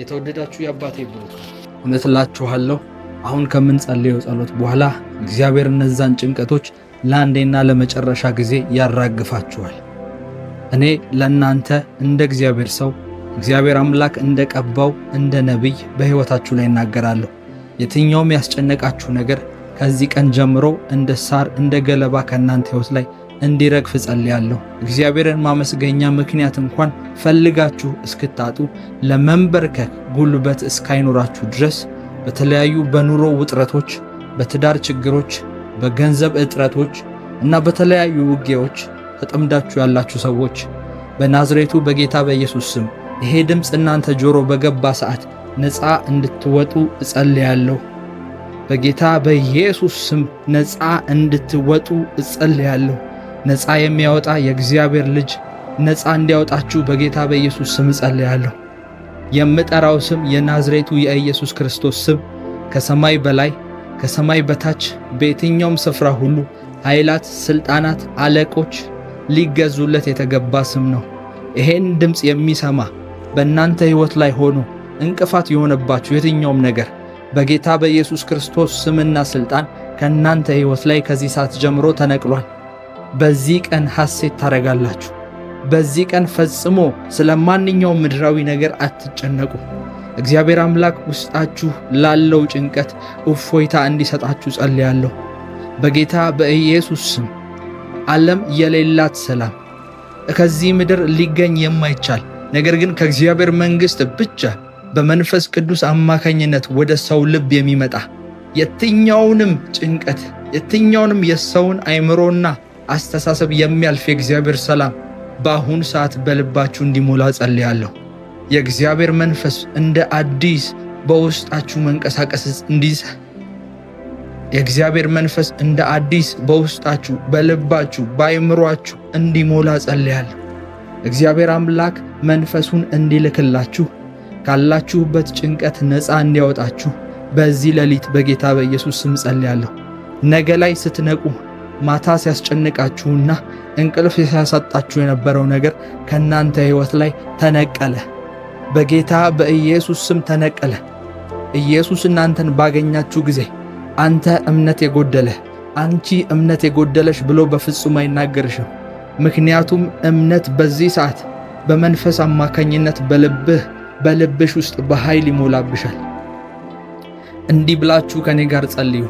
የተወደዳችሁ የአባቴ ብሩክ እውነት እላችኋለሁ አሁን ከምንጸልየው ጸሎት በኋላ እግዚአብሔር እነዛን ጭንቀቶች ለአንዴና ለመጨረሻ ጊዜ ያራግፋችኋል። እኔ ለእናንተ እንደ እግዚአብሔር ሰው እግዚአብሔር አምላክ እንደ ቀባው እንደ ነቢይ በሕይወታችሁ ላይ እናገራለሁ። የትኛውም ያስጨነቃችሁ ነገር ከዚህ ቀን ጀምሮ እንደ ሳር እንደ ገለባ ከእናንተ ሕይወት ላይ እንዲረግፍ ጸልያለሁ። እግዚአብሔርን ማመስገኛ ምክንያት እንኳን ፈልጋችሁ እስክታጡ ለመንበርከክ ጉልበት እስካይኖራችሁ ድረስ በተለያዩ በኑሮ ውጥረቶች፣ በትዳር ችግሮች፣ በገንዘብ እጥረቶች እና በተለያዩ ውጊያዎች ተጠምዳችሁ ያላችሁ ሰዎች በናዝሬቱ በጌታ በኢየሱስ ስም ይሄ ድምፅ እናንተ ጆሮ በገባ ሰዓት ነፃ እንድትወጡ እጸልያለሁ። በጌታ በኢየሱስ ስም ነፃ እንድትወጡ እጸልያለሁ። ነፃ የሚያወጣ የእግዚአብሔር ልጅ ነፃ እንዲያወጣችሁ በጌታ በኢየሱስ ስም እጸልያለሁ። የምጠራው ስም የናዝሬቱ የኢየሱስ ክርስቶስ ስም ከሰማይ በላይ ከሰማይ በታች በየትኛውም ስፍራ ሁሉ ኃይላት፣ ሥልጣናት፣ አለቆች ሊገዙለት የተገባ ስም ነው። ይሄን ድምፅ የሚሰማ በእናንተ ሕይወት ላይ ሆኖ እንቅፋት የሆነባችሁ የትኛውም ነገር በጌታ በኢየሱስ ክርስቶስ ስምና ሥልጣን ከእናንተ ሕይወት ላይ ከዚህ ሰዓት ጀምሮ ተነቅሏል። በዚህ ቀን ሐሴት ታደርጋላችሁ። በዚህ ቀን ፈጽሞ ስለ ማንኛውም ምድራዊ ነገር አትጨነቁ። እግዚአብሔር አምላክ ውስጣችሁ ላለው ጭንቀት እፎይታ እንዲሰጣችሁ ጸልያለሁ። በጌታ በኢየሱስ ስም ዓለም የሌላት ሰላም ከዚህ ምድር ሊገኝ የማይቻል ነገር ግን ከእግዚአብሔር መንግሥት ብቻ በመንፈስ ቅዱስ አማካኝነት ወደ ሰው ልብ የሚመጣ የትኛውንም ጭንቀት የትኛውንም የሰውን አይምሮና አስተሳሰብ የሚያልፍ የእግዚአብሔር ሰላም በአሁኑ ሰዓት በልባችሁ እንዲሞላ ጸልያለሁ። የእግዚአብሔር መንፈስ እንደ አዲስ በውስጣችሁ መንቀሳቀስ እንዲህ የእግዚአብሔር መንፈስ እንደ አዲስ በውስጣችሁ በልባችሁ በአይምሯችሁ እንዲሞላ ጸልያለሁ። እግዚአብሔር አምላክ መንፈሱን እንዲልክላችሁ ካላችሁበት ጭንቀት ነፃ እንዲያወጣችሁ በዚህ ሌሊት በጌታ በኢየሱስ ስም ጸልያለሁ። ነገ ላይ ስትነቁ ማታ ሲያስጨንቃችሁና እንቅልፍ ሲያሳጣችሁ የነበረው ነገር ከእናንተ ሕይወት ላይ ተነቀለ። በጌታ በኢየሱስ ስም ተነቀለ። ኢየሱስ እናንተን ባገኛችሁ ጊዜ አንተ እምነት የጎደለህ፣ አንቺ እምነት የጎደለሽ ብሎ በፍጹም አይናገርሽም። ምክንያቱም እምነት በዚህ ሰዓት በመንፈስ አማካኝነት በልብህ በልብሽ ውስጥ በኃይል ይሞላብሻል። እንዲህ ብላችሁ ከኔ ጋር ጸልዩ።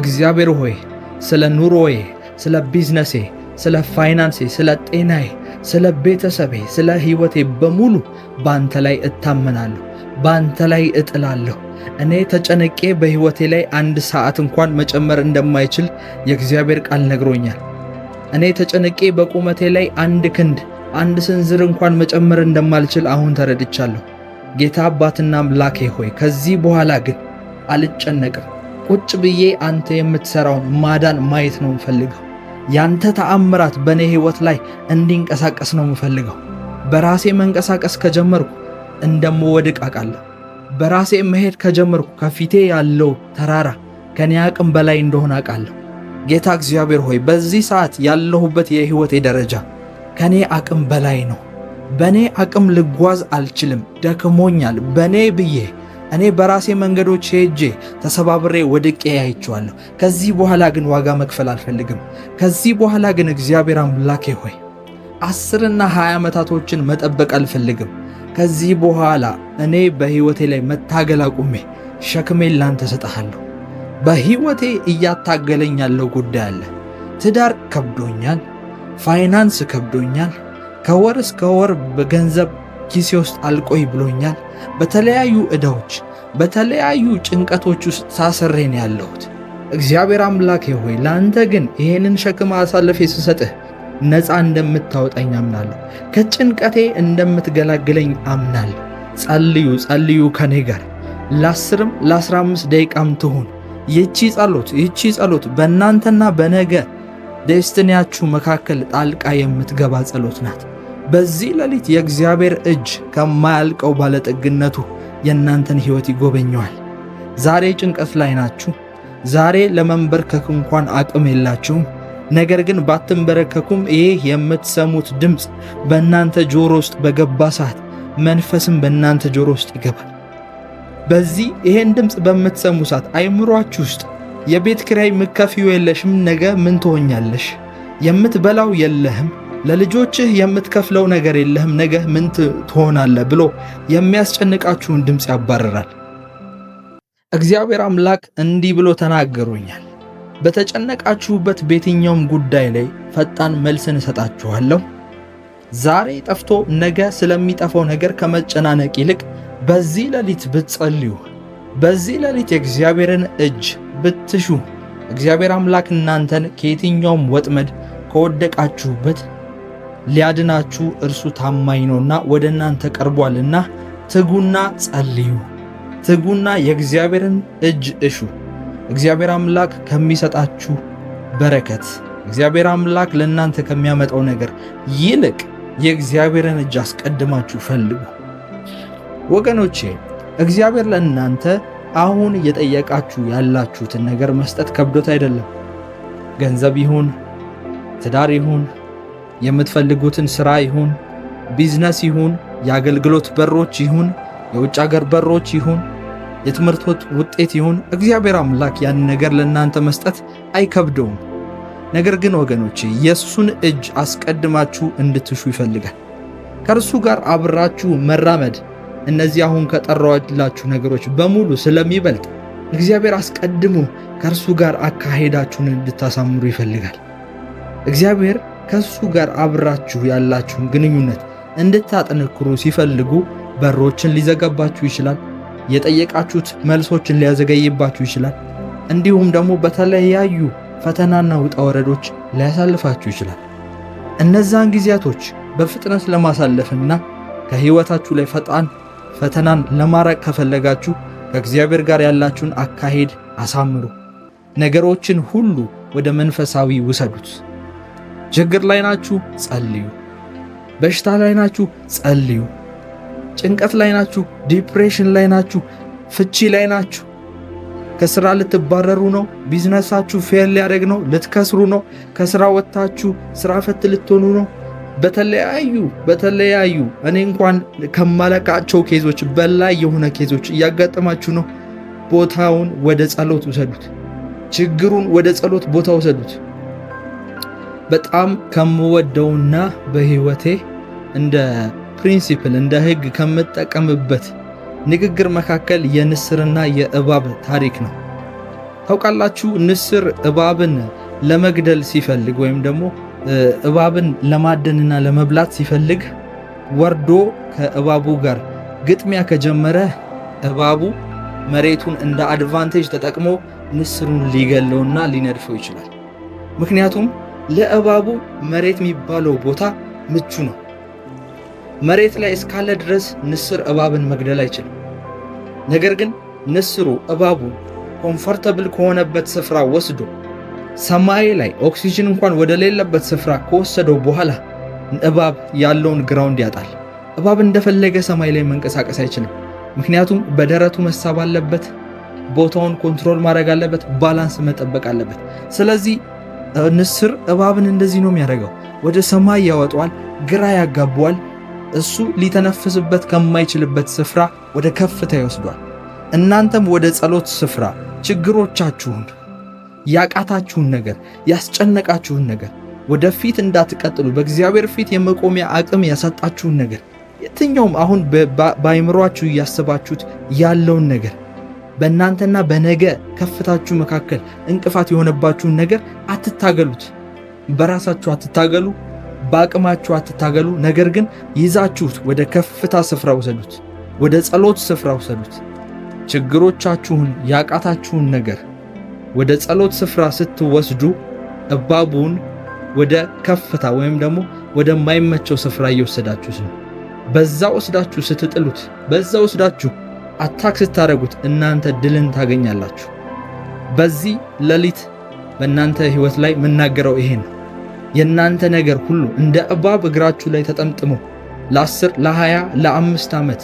እግዚአብሔር ሆይ ስለ ኑሮዬ፣ ስለ ቢዝነሴ፣ ስለ ፋይናንሴ፣ ስለ ጤናዬ፣ ስለ ቤተሰቤ፣ ስለ ሕይወቴ በሙሉ በአንተ ላይ እታመናለሁ፣ በአንተ ላይ እጥላለሁ። እኔ ተጨነቄ በሕይወቴ ላይ አንድ ሰዓት እንኳን መጨመር እንደማይችል የእግዚአብሔር ቃል ነግሮኛል። እኔ ተጨነቄ በቁመቴ ላይ አንድ ክንድ አንድ ስንዝር እንኳን መጨመር እንደማልችል አሁን ተረድቻለሁ። ጌታ አባትና አምላኬ ሆይ ከዚህ በኋላ ግን አልጨነቅም። ቁጭ ብዬ አንተ የምትሰራውን ማዳን ማየት ነው የምፈልገው። ያንተ ተአምራት በእኔ ሕይወት ላይ እንዲንቀሳቀስ ነው የምፈልገው። በራሴ መንቀሳቀስ ከጀመርኩ እንደምወድቅ አውቃለሁ። በራሴ መሄድ ከጀመርኩ ከፊቴ ያለው ተራራ ከኔ አቅም በላይ እንደሆነ አውቃለሁ። ጌታ እግዚአብሔር ሆይ በዚህ ሰዓት ያለሁበት የሕይወቴ ደረጃ ከኔ አቅም በላይ ነው። በእኔ አቅም ልጓዝ አልችልም፣ ደክሞኛል። በእኔ ብዬ እኔ በራሴ መንገዶች ሄጄ ተሰባብሬ ወድቄ አይቼዋለሁ። ከዚህ በኋላ ግን ዋጋ መክፈል አልፈልግም። ከዚህ በኋላ ግን እግዚአብሔር አምላኬ ሆይ አስርና ሀያ ዓመታቶችን መጠበቅ አልፈልግም። ከዚህ በኋላ እኔ በሕይወቴ ላይ መታገል አቁሜ ሸክሜን ላንተ ሰጠሃለሁ። በሕይወቴ እያታገለኝ ያለው ጉዳይ አለ። ትዳር ከብዶኛል፣ ፋይናንስ ከብዶኛል። ከወር እስከ ወር በገንዘብ ኪሴ ውስጥ አልቆይ ብሎኛል። በተለያዩ ዕዳዎች፣ በተለያዩ ጭንቀቶች ውስጥ ሳሰሬን ያለሁት እግዚአብሔር አምላኬ ሆይ ለአንተ ግን ይህንን ሸክም አሳልፌ ስሰጥህ ነፃ እንደምታወጣኝ አምናለሁ። ከጭንቀቴ እንደምትገላግለኝ አምናለሁ። ጸልዩ ጸልዩ ከኔ ጋር ለአስርም ለአስራ አምስት ደቂቃም ትሁን ይቺ ጸሎት ይቺ ጸሎት በእናንተና በነገ ደስትንያችሁ መካከል ጣልቃ የምትገባ ጸሎት ናት። በዚህ ሌሊት የእግዚአብሔር እጅ ከማያልቀው ባለጠግነቱ የእናንተን ሕይወት ይጎበኘዋል። ዛሬ ጭንቀት ላይ ናችሁ። ዛሬ ለመንበርከክ እንኳን አቅም የላችሁም። ነገር ግን ባትንበረከኩም ይህ የምትሰሙት ድምፅ በእናንተ ጆሮ ውስጥ በገባ ሰዓት መንፈስም በእናንተ ጆሮ ውስጥ ይገባል። በዚህ ይሄን ድምፅ በምትሰሙ ሰዓት አይምሯችሁ ውስጥ የቤት ክራይ ምከፊው የለሽም፣ ነገ ምን ትሆኛለሽ፣ የምትበላው የለህም ለልጆችህ የምትከፍለው ነገር የለህም፣ ነገ ምን ትሆናለህ ብሎ የሚያስጨንቃችሁን ድምፅ ያባረራል? እግዚአብሔር አምላክ እንዲህ ብሎ ተናገሩኛል። በተጨነቃችሁበት በየትኛውም ጉዳይ ላይ ፈጣን መልስን እሰጣችኋለሁ። ዛሬ ጠፍቶ ነገ ስለሚጠፋው ነገር ከመጨናነቅ ይልቅ በዚህ ሌሊት ብትጸልዩ፣ በዚህ ሌሊት የእግዚአብሔርን እጅ ብትሹ እግዚአብሔር አምላክ እናንተን ከየትኛውም ወጥመድ ከወደቃችሁበት ሊያድናችሁ እርሱ ታማኝ ነውና ወደ እናንተ ቀርቧልና ትጉና ጸልዩ። ትጉና የእግዚአብሔርን እጅ እሹ። እግዚአብሔር አምላክ ከሚሰጣችሁ በረከት፣ እግዚአብሔር አምላክ ለእናንተ ከሚያመጣው ነገር ይልቅ የእግዚአብሔርን እጅ አስቀድማችሁ ፈልጉ። ወገኖቼ እግዚአብሔር ለእናንተ አሁን እየጠየቃችሁ ያላችሁትን ነገር መስጠት ከብዶት አይደለም። ገንዘብ ይሁን፣ ትዳር ይሁን የምትፈልጉትን ሥራ ይሁን፣ ቢዝነስ ይሁን፣ የአገልግሎት በሮች ይሁን፣ የውጭ አገር በሮች ይሁን፣ የትምህርት ውጤት ይሁን፣ እግዚአብሔር አምላክ ያንን ነገር ለእናንተ መስጠት አይከብደውም። ነገር ግን ወገኖች የእሱን እጅ አስቀድማችሁ እንድትሹ ይፈልጋል። ከእርሱ ጋር አብራችሁ መራመድ እነዚህ አሁን ከጠራዋላችሁ ነገሮች በሙሉ ስለሚበልጥ እግዚአብሔር አስቀድሞ ከእርሱ ጋር አካሄዳችሁን እንድታሳምሩ ይፈልጋል። እግዚአብሔር ከሱ ጋር አብራችሁ ያላችሁን ግንኙነት እንድታጠነክሩ ሲፈልጉ በሮችን ሊዘጋባችሁ ይችላል። የጠየቃችሁት መልሶችን ሊያዘገይባችሁ ይችላል። እንዲሁም ደግሞ በተለያዩ ፈተናና ውጣ ወረዶች ሊያሳልፋችሁ ይችላል። እነዛን ጊዜያቶች በፍጥነት ለማሳለፍና ከህይወታችሁ ላይ ፈጣን ፈተናን ለማራቅ ከፈለጋችሁ ከእግዚአብሔር ጋር ያላችሁን አካሄድ አሳምሩ። ነገሮችን ሁሉ ወደ መንፈሳዊ ውሰዱት። ችግር ላይ ናችሁ፣ ጸልዩ። በሽታ ላይ ናችሁ፣ ጸልዩ። ጭንቀት ላይ ናችሁ፣ ዲፕሬሽን ላይ ናችሁ፣ ፍቺ ላይ ናችሁ፣ ከስራ ልትባረሩ ነው፣ ቢዝነሳችሁ ፌል ሊያደርግ ነው፣ ልትከስሩ ነው፣ ከስራ ወጥታችሁ ስራ ፈት ልትሆኑ ነው። በተለያዩ በተለያዩ እኔ እንኳን ከማለቃቸው ኬዞች በላይ የሆነ ኬዞች እያጋጠማችሁ ነው። ቦታውን ወደ ጸሎት ውሰዱት። ችግሩን ወደ ጸሎት ቦታ ውሰዱት። በጣም ከምወደውና በህይወቴ እንደ ፕሪንሲፕል እንደ ህግ ከምጠቀምበት ንግግር መካከል የንስርና የእባብ ታሪክ ነው። ታውቃላችሁ፣ ንስር እባብን ለመግደል ሲፈልግ ወይም ደግሞ እባብን ለማደንና ለመብላት ሲፈልግ ወርዶ ከእባቡ ጋር ግጥሚያ ከጀመረ እባቡ መሬቱን እንደ አድቫንቴጅ ተጠቅሞ ንስሩን ሊገለውና ሊነድፈው ይችላል። ምክንያቱም ለእባቡ መሬት የሚባለው ቦታ ምቹ ነው። መሬት ላይ እስካለ ድረስ ንስር እባብን መግደል አይችልም። ነገር ግን ንስሩ እባቡን ኮምፎርተብል ከሆነበት ስፍራ ወስዶ ሰማይ ላይ ኦክሲጅን እንኳን ወደሌለበት ስፍራ ከወሰደው በኋላ እባብ ያለውን ግራውንድ ያጣል። እባብ እንደፈለገ ሰማይ ላይ መንቀሳቀስ አይችልም። ምክንያቱም በደረቱ መሳብ አለበት፣ ቦታውን ኮንትሮል ማድረግ አለበት፣ ባላንስ መጠበቅ አለበት። ስለዚህ ንስር እባብን እንደዚህ ነው የሚያደርገው። ወደ ሰማይ ያወጣዋል፣ ግራ ያጋቧል። እሱ ሊተነፍስበት ከማይችልበት ስፍራ ወደ ከፍታ ይወስዷል። እናንተም ወደ ጸሎት ስፍራ ችግሮቻችሁን፣ ያቃታችሁን ነገር፣ ያስጨነቃችሁን ነገር ወደፊት እንዳትቀጥሉ በእግዚአብሔር ፊት የመቆሚያ አቅም ያሳጣችሁን ነገር የትኛውም አሁን በአይምሯችሁ እያሰባችሁት ያለውን ነገር በእናንተና በነገ ከፍታችሁ መካከል እንቅፋት የሆነባችሁን ነገር አትታገሉት። በራሳችሁ አትታገሉ፣ በአቅማችሁ አትታገሉ። ነገር ግን ይዛችሁት ወደ ከፍታ ስፍራ ውሰዱት፣ ወደ ጸሎት ስፍራ ውሰዱት። ችግሮቻችሁን፣ ያቃታችሁን ነገር ወደ ጸሎት ስፍራ ስትወስዱ እባቡን ወደ ከፍታ ወይም ደግሞ ወደማይመቸው ስፍራ እየወሰዳችሁ በዛ ወስዳችሁ ስትጥሉት በዛ ወስዳችሁ አታክ ስታደርጉት እናንተ ድልን ታገኛላችሁ። በዚህ ሌሊት በእናንተ ህይወት ላይ የምናገረው ይሄ ነው። የእናንተ ነገር ሁሉ እንደ እባብ እግራችሁ ላይ ተጠምጥሞ ለአስር ለሃያ ለአምስት ዓመት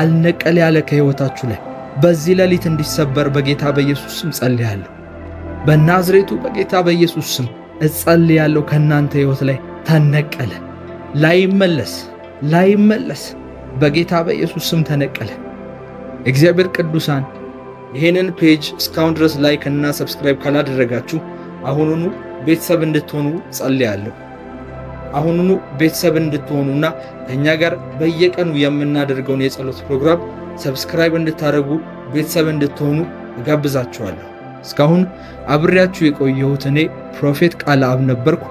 አልነቀል ያለ ከህይወታችሁ ላይ በዚህ ሌሊት እንዲሰበር በጌታ በኢየሱስ ስም ጸልያለሁ። በናዝሬቱ በጌታ በኢየሱስ ስም እጸልያለሁ። ከእናንተ ህይወት ላይ ተነቀለ፣ ላይመለስ ላይመለስ በጌታ በኢየሱስ ስም ተነቀለ። እግዚአብሔር ቅዱሳን ይህንን ፔጅ እስካሁን ድረስ ላይክ እና ሰብስክራይብ ካላደረጋችሁ አሁኑኑ ቤተሰብ እንድትሆኑ ጸልያለሁ። አሁኑኑ ቤተሰብ እንድትሆኑና ከእኛ ጋር በየቀኑ የምናደርገውን የጸሎት ፕሮግራም ሰብስክራይብ እንድታደርጉ ቤተሰብ እንድትሆኑ እጋብዛችኋለሁ። እስካሁን አብሬያችሁ የቆየሁት እኔ ፕሮፌት ቃለ አብ ነበርኩ።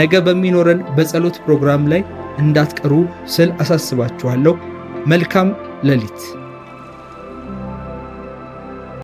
ነገ በሚኖረን በጸሎት ፕሮግራም ላይ እንዳትቀሩ ስል አሳስባችኋለሁ። መልካም ሌሊት